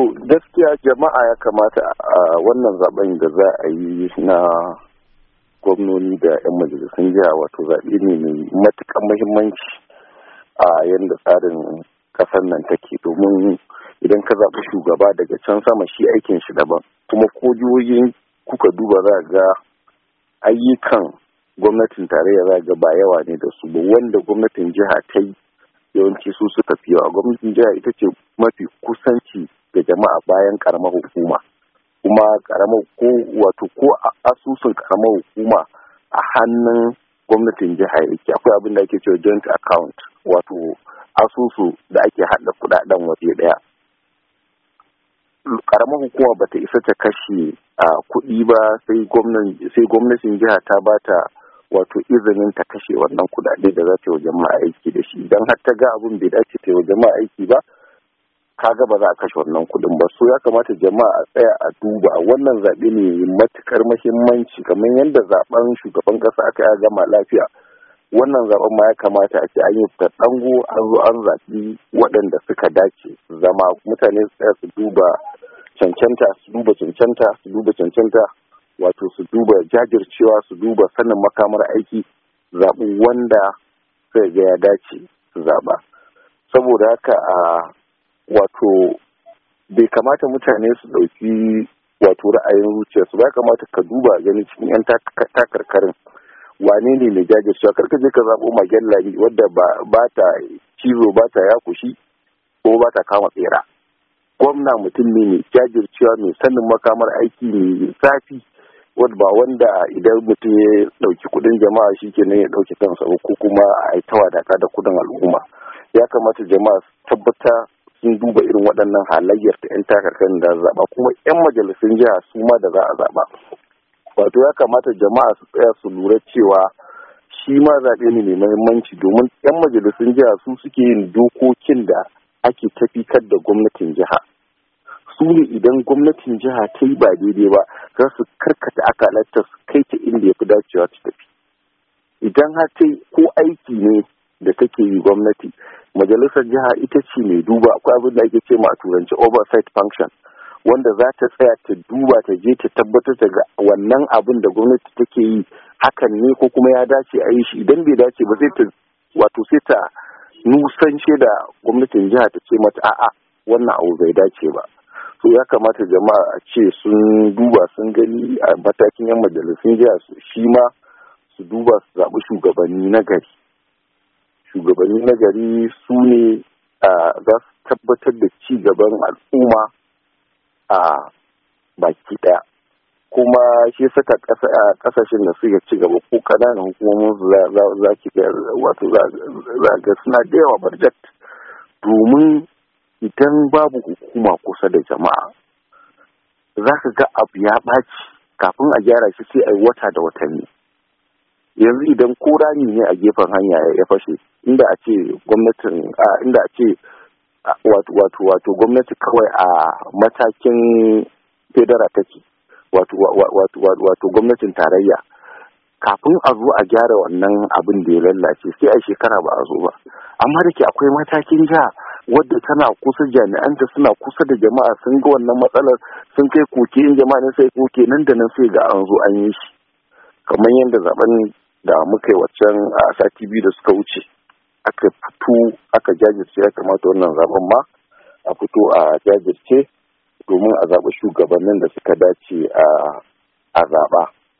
to gaskiya jama'a ya kamata a wannan zaben da za a yi na gwamnoni da 'yan majalisun jiha wato zaɓe ne mai matuƙar muhimmanci a yadda tsarin ƙasar nan take domin idan ka zaɓi shugaba daga can sama shi aikin shi daban kuma ko kuka duba za ga ayyukan gwamnatin tarayya za ga ba yawa ne da su ba wanda gwamnatin jiha ta yi yawanci su suka fi yawa gwamnatin jiha ita ce mafi kusanci bayan karamar hukuma kuma karamar ko wato ko asusun karamar hukuma a hannun gwamnatin jiha yake akwai abin da ake cewa joint account wato asusu da ake haɗa kudaden waje daya. karamar hukuma bata isa ta kashe a kuɗi ba sai gwamnatin jiha ta ba ta wato izinin ta kashe wannan kuɗaɗe da za ta yi wa jama'a aiki da shi idan har ta ga abin bai dace ta yi wa jama'a aiki ba kaga ba za a kashe wannan kuɗin ba so ya kamata jama'a a tsaya a duba wannan zaɓe ne matukar muhimmanci kamar yadda zaɓen shugaban ƙasa aka ya gama lafiya wannan zaɓen ma ya kamata a ce an yi ɗango an zo an zaɓi waɗanda suka dace zama mutane su tsaya su duba cancanta su duba cancanta su duba cancanta wato su duba jajircewa su duba sanin makamar aiki zaɓi wanda sai ga ya dace su zaɓa saboda haka a ah, wato bai kamata mutane su ɗauki wato ra'ayin Su ba kamata ka duba ganin cikin 'yan takarkarin wane ne mai jajircewa karka je ka zaɓo magen wadda ba ta cizo ba ta yakushi ko ba ta kama tsera gwamna mutum ne mai jajircewa mai sanin makamar aiki mai zafi wadda ba wanda idan mutum ya ɗauki kuɗin jama'a shi kenan ya ɗauki kansa ko kuma a yi tawa da kuɗin al'umma ya kamata jama'a tabbata sun duba irin waɗannan halayyar ta 'yan takarkar da zaɓa kuma 'yan majalisun jiha su ma da za a zaɓa wato ya kamata jama'a su tsaya su lura cewa shi ma zaɓe ne mai mahimmanci domin 'yan majalisun jiha su suke yin dokokin da ake tafikar da gwamnatin jiha su ne idan gwamnatin jiha ta yi ba daidai ba za su karkata akalatar su kai ta inda ya fi dacewa ta tafi idan har ta ko aiki ne da take yi gwamnati majalisar jiha ita ce mai duba akwai abin da ake ce ma a turanci oversight function wanda za ta tsaya ta duba ta je ta tabbatar da wannan abin da gwamnati take yi hakan ne ko kuma ya dace a yi shi idan bai dace ba sai ta wato sai ta nusance da gwamnatin jiha ta ce mata a'a wannan abu bai dace ba to ya kamata jama'a a ce sun duba sun gani a matakin yan majalisun jiha shi ma su duba su zaɓi shugabanni na gari shugabanni na gari su ne za su tabbatar da ci gaban al'umma a baki daya kuma shi saka kasashen da suka ci gaba ko kananan hukumomin za ki wato za ga suna da yawa barjat domin idan babu hukuma kusa da jama'a za ka ga abu ya ɓaci kafin a gyara shi sai a yi wata da watanni yanzu idan ko rami ne a gefen hanya ya fashe inda a ce gwamnatin inda a ce wato wato gwamnati kawai a matakin federa take wato wato wato gwamnatin tarayya kafin a zo a gyara wannan abin da ya lalace sai a shekara ba a zo ba amma da ke akwai matakin jiha wadda tana kusa jami'anta suna kusa da jama'a sun ga wannan matsalar sun kai koke in jama'a ne sai koke nan da nan sai ga an zo an yi shi kamar yadda zaben da muka yi waccan a sati biyu da suka wuce aka fito aka jajirce ya kamata wannan zaben ma a fito a jajirce domin a zaɓi shugabannin da suka dace a zaɓa.